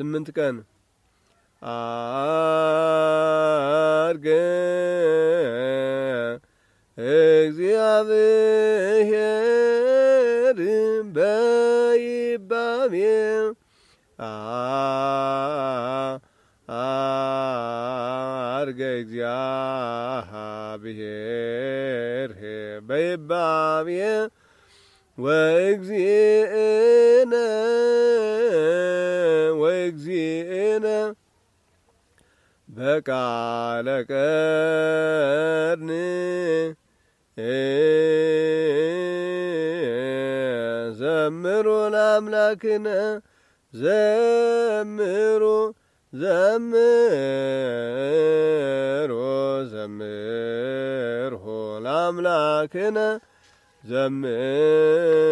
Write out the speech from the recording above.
ስምንት ቀን አርገ እግዚአብሔር በይባሜ አርገ እግዚአብሔር በይባሜ ወእግዚእነ በቃለ ቀድን ዘምሩ ለአምላክነ ዘምሩ ዘምሩ ዘምርሁ ለአምላክነ ዘምር